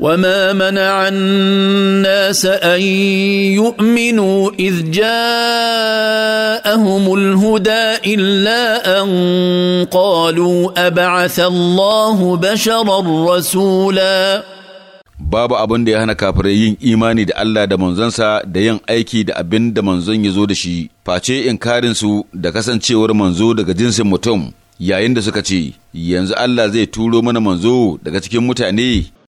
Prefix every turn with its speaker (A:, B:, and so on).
A: وما منع الناس ان يؤمنوا
B: اذ جاءهم الهدى الا ان قالوا ابعث الله
C: babu abin da ya hana kafirai yin imani da Allah da manzonsa da yin aiki da abin da manzon ya zo da shi face in inkarinsu da kasancewar manzo daga jinsin mutum yayin da suka ce yanzu Allah zai turo mana manzo daga cikin mutane